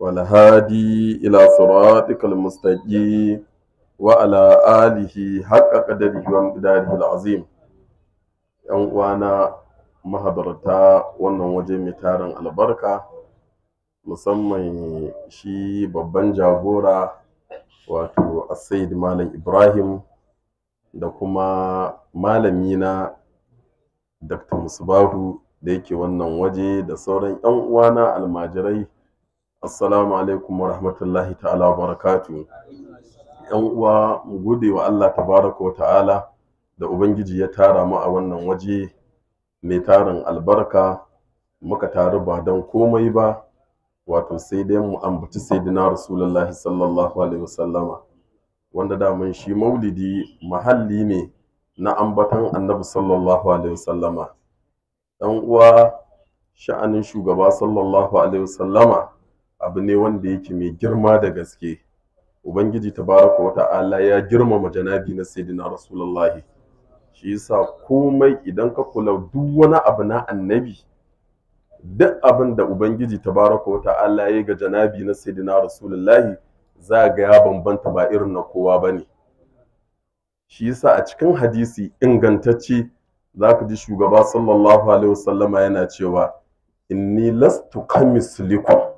والهادي إلى صراطك المستقيم وعلى آله حق قدره ومقداره العظيم ‘yan uwana mahabarta wannan waje mai tarin albarka musamman shi babban jagora wato asayid malam ibrahim da kuma malamina dr musbahu da yake wannan waje da sauran ‘yan uwana almajirai assalamu alaikum wa rahmatullahi ta'ala wa barakatu yan uwa mu gode wa Allah tabaraka wa ta'ala da ubangiji ya tara mu a wannan waje mai tarin albarka muka taru ba don komai ba wato sai dai mu ambaci sayyidina rasulullahi sallallahu alaihi wasallama wanda da mun shi maulidi mahalli ne na ambatan annabi sallallahu alaihi wasallama dan uwa sha'anin shugaba sallallahu alaihi wasallama abu ne wanda yake mai girma da gaske ubangiji tabaraka wa ta'ala ya girmama janabi na sayyidina rasulullahi shi yasa komai idan ka kula duk wani abu na annabi duk abin da ubangiji tabaraka wa ta'ala ya ga janabi na sayyidina rasulullahi za ga ya bambanta ba irin na kowa bane shi yasa a cikin hadisi ingantacce ka ji shugaba sallallahu alaihi wasallama yana cewa inni lastu kamislikum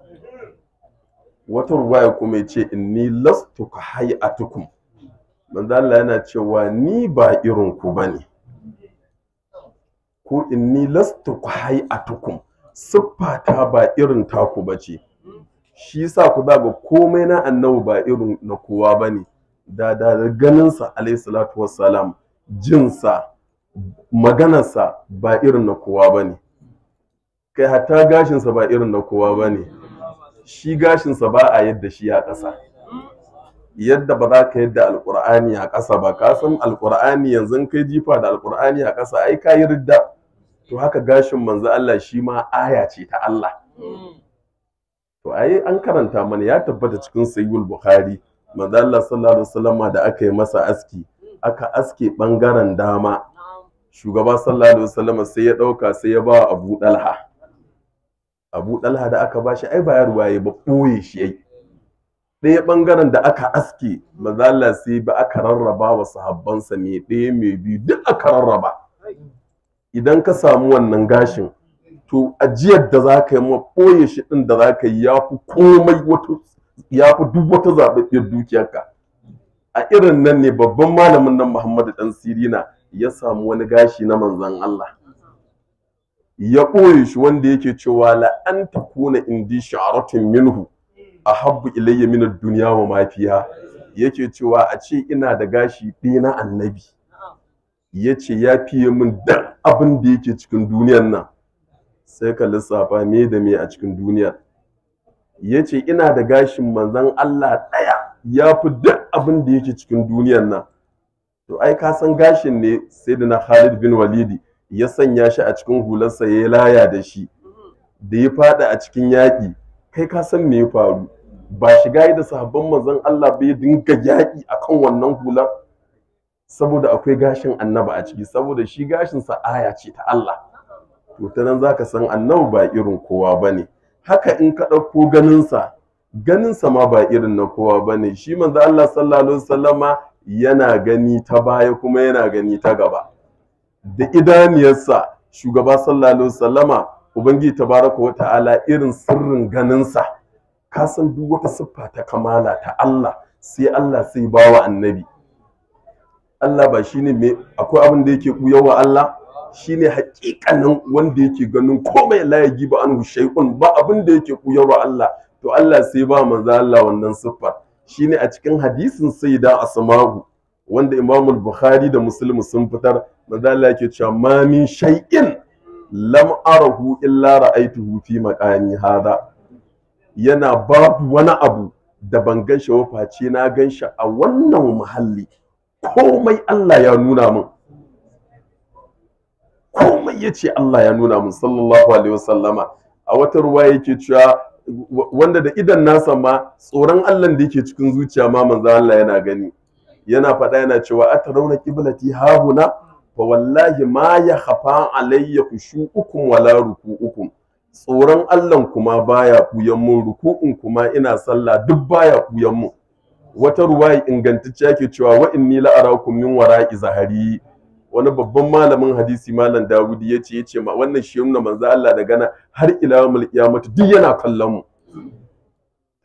wata ruwaya kuma ya ce inni lastu ka hayatukum manzo Allah yana cewa ni ba irin ku bane ko inni lastu ka hayatukum siffata ba irin taku bace shi sa ku zaga komai na annabi ba irin na kowa bane da da ganinsa alayhi salatu jinsa maganarsa ba irin na kowa bane kai hatta gashinsa ba irin na kowa bane shi gashinsa ba a yadda shi a ƙasa yadda ba za ka yadda alƙur'ani a ƙasa ba ka san alƙur'ani yanzu kai jifa da alƙur'ani a ƙasa ai ka yi ridda to haka gashin manzo Allah shi ma aya ce ta Allah to ai an karanta mana ya tabbata cikin sayyul bukhari manzo Allah sallallahu alaihi da aka yi masa aski aka aske bangaren dama shugaba sallallahu alaihi sai ya dauka sai ya ba Abu Dalha abu ɗalha da aka bashi ai ba yaro yayi ba ɓoye shi yayi ɗaya ɓangaren da aka aske mazala sai ba aka rarraba wa sahabbansa ne ɗaya mai biyu duk aka rarraba idan ka samu wannan gashin to ajiyar da za ka yi ma ɓoye shi ɗin da za ka yi ya fi komai wata ya fi duk wata zaɓaɓɓiyar dukiyarka a irin nan ne babban malamin nan muhammadu ɗan sirina ya samu wani gashi na manzan allah ya ɓoye shi wanda yake cewa la an takuna indi sha'aratun minhu ahabbu ilayya min ad-dunya wa mafiya, yake cewa a ce ina da gashi ɗaya na annabi yace ya fiye min duk abin da yake cikin duniyar nan sai ka lissafa me da me a cikin duniyar yace ina da gashin manzon Allah ɗaya ya fi duk abin da yake cikin duniyar nan to ai ka san gashin ne sai da na Khalid bin Walidi ya sanya shi a cikin hularsa ya laya da shi da ya fada a cikin yaƙi kai ka san me ya faru ba shiga da sahabban manzon Allah bai dinga yaƙi a kan wannan hular saboda akwai gashin annaba a ciki saboda shi gashin gashinsa aya ce ta Allah to ta nan zaka san annabi ba irin kowa bane haka in ka ɗauko ganinsa ganinsa ma ba irin na kowa bane shi manzo Allah sallallahu alaihi wasallama yana gani ta baya kuma yana gani ta gaba da idaniyarsa shugaba sallallahu alaihi wasallama ubangiji tabaraka wa irin sirrin ganinsa ka san duk wata siffa ta kamala ta Allah sai Allah sai bawa annabi Allah ba shine me akwai abin da yake kuyawa Allah shine hakikanin wanda yake ganin komai la yaji ba anhu shay'un ba abin da yake kuyawa Allah to Allah sai ba manzo Allah wannan siffar shine a cikin hadisin sayyida asma'u wanda Imamul Bukhari da Muslim sun fitar manzo Allah yake cewa ma min shay'in lam arahu illa ra'aytuhu fi maqami hada yana babu wani abu da ban ganshi ba face na ganshi a wannan muhalli komai Allah ya nuna min komai ya Allah ya nuna min sallallahu alaihi wasallama a wata ruwa yake cewa wanda da idan nasa ma tsoron Allah da yake cikin zuciya ma manzo Allah yana gani yana faɗa yana cewa 'A atarawna qiblati hahuna fa wallahi ma ya khafa alayya khushu'ukum wala ruku'ukum tsoron Allah kuma baya kuyan mun ruku'un kuma ina sallah duk baya kuyan mun wata inganta ingantacciya yake cewa wa inni la arakum min wara'i zahari wani babban malamin hadisi malam Dawudi yace yace ma wannan shi yumna manzo Allah da gana har ila yawmul duk yana kallon mu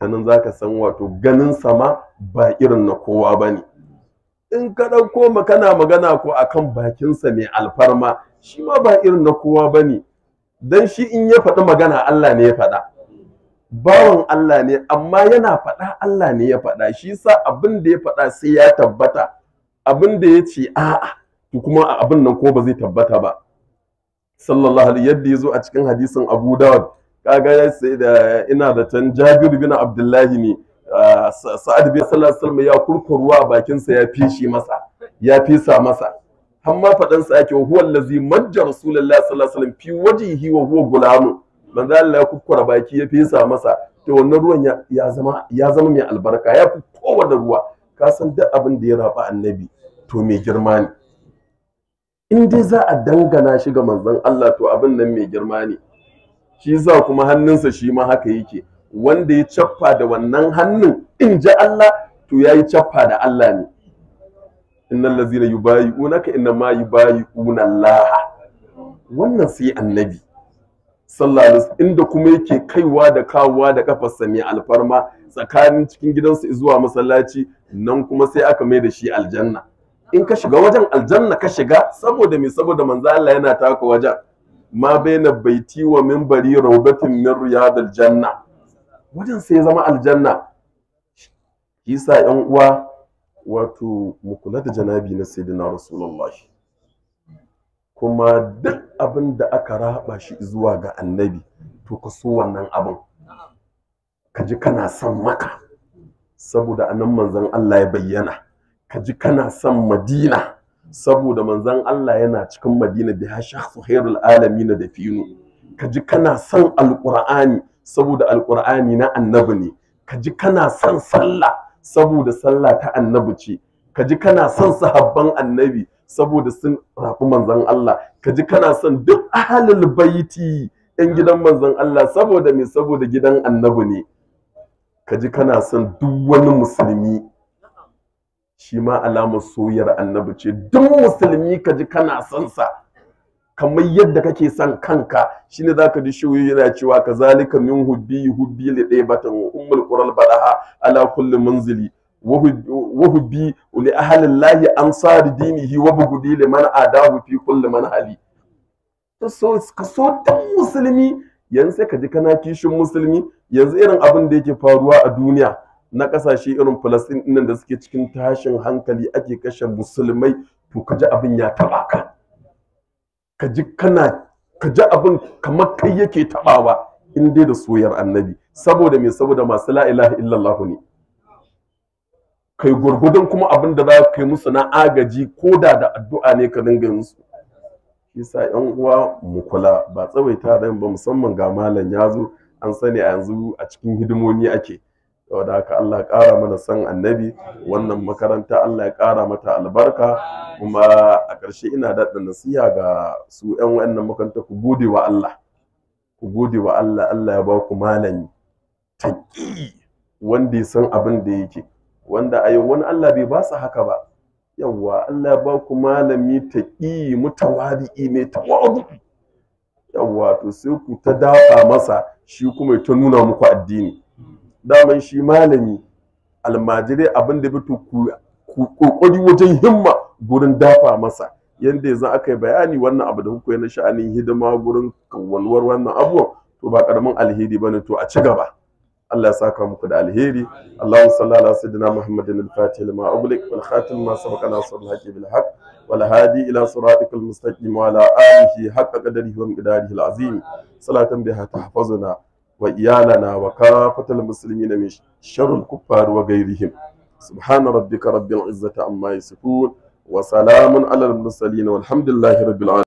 sanan zaka san wato ganin sama ba irin na kowa bane in ka ɗauko makana magana ko akan bakinsa mai alfarma shi ma ba irin na kowa ba ne don shi in ya faɗi magana Allah ne ya faɗa bawan Allah ne amma yana faɗa Allah ne ya faɗa shi sa abin da ya faɗa sai ya tabbata abin da ya ce a'a to kuma abin nan ko ba zai tabbata ba sallallahu alaihi yadda yazo a cikin hadisin Abu Dawud kaga sai da ina da tan Jabir bin Abdullahi ne Ah, sa'ad bin sallallahu ya ruwa a bakinsa ya fishi masa ya fisa masa hamma faɗan sa ake huwa allazi majja rasulullahi sallallahu alaihi wasallam fi wajhihi wa huwa gulamu manzo Allah ya kukkura baki ya fisa masa to wannan ruwan ya zama mai albarka ya fi kowanne ruwa ka san duk abin da ya raba annabi to mai girma ne in dai za a dangana shi ga manzon Allah to abin nan mai girma ne shi za kuma hannunsa shi ma haka yake wanda ya cappa da wannan hannu in ji Allah to ya yi cappa da Allah ne innal ladzina yi innama yubayi'una Allah wannan sai annabi sallallahu alaihi inda kuma yake kaiwa da kawowa da kafarsa mai alfarma tsakanin cikin gidansu zuwa masallaci nan kuma sai aka mai da shi aljanna in ka shiga wajen aljanna ka shiga saboda me saboda manzo Allah yana taka wajen ma baina baiti wa minbari raubatin min riyadil janna wajen sai ya zama aljanna yasa yan uwa wato mu kula da janabi na sayyidina rasulullah kuma duk abin da aka raba shi zuwa ga annabi to ka so wannan abin ka ji kana son maka saboda anan manzon Allah ya bayyana ka ji kana son madina saboda manzon Allah yana cikin madina bi hasha khairul alamin da finu ka ji kana son alqur'ani saboda alkur'ani na annabi ne kaji kana son sallah saboda sallah ta annabi ce Kaji kana son sahabban annabi saboda sun rafi manzon Allah ka kana son duk ahalul baiti yan gidan manzon Allah saboda me saboda gidan annabi ne Kaji kana son duk wani musulmi shi ma alamar soyar annabi ce duk musulmi kaji kana son sa kamar yadda kake son kanka shine zaka ji shoyi yana cewa kazalika min hubbi hubbi li batan. wa ummul qural badaha ala kulli manzili wa hubbi li ahlillahi ansar dinihi wa bugudi man adahu fi kulli manhali so ka so dan musulmi yanzu sai ka ji kana kishin musulmi yanzu irin abin da yake faruwa a duniya na kasashe irin Falastin din da suke cikin tashin hankali ake kashe musulmai to ka ji abin ya taba ka ka ji kana ka abin kamar kai yake tabawa in dai da soyar annabi saboda me saboda masu la ilaha illallah ne kai gurgudun kuma abin da za ka kai musu na agaji ko da da addu'a ne ka dinga musu Isa yan uwa mu kula ba tsawaita ran ba musamman ga malam ya zo an sani a yanzu a cikin hidimomi ake saboda haka Allah ƙara mana san annabi wannan makaranta Allah ya ƙara mata albarka kuma a ƙarshe ina daɗa nasiha ga su 'yan wannan makaranta ku gode wa Allah ku gode wa Allah Allah ya ba ku malami taƙi wanda ya san abin da yake wanda a wani Allah bai ba su haka ba yawwa Allah ya ba ku malami taƙi mutawadi'i mai tawadu yawwa to sai ku ta dafa masa shi kuma ya ta nuna muku addini daman shi malami almajirai abin da bito kokari wajen himma gurin dafa masa yadda yanzu aka yi bayani wannan abu da hukuma na sha'anin hidima gurin kawalwar wannan abuwa. to ba karamin alheri bane to a ci gaba Allah ya saka muku da alheri Allahumma sallala ala sayyidina Muhammadin al-Fatih lima wal khatim ma na nasrul haqi bil haqq wal hadi ila siratikal mustaqim wa ala alihi haqqa qadarihi wa qadarihi al-azim salatan biha tahfazuna wa na wa kafatal muslimina min sharril kuffar wa ghairihim subhana rabbika rabbil izzati amma yasifun wa salamun alal mursalin walhamdulillahi rabbil alamin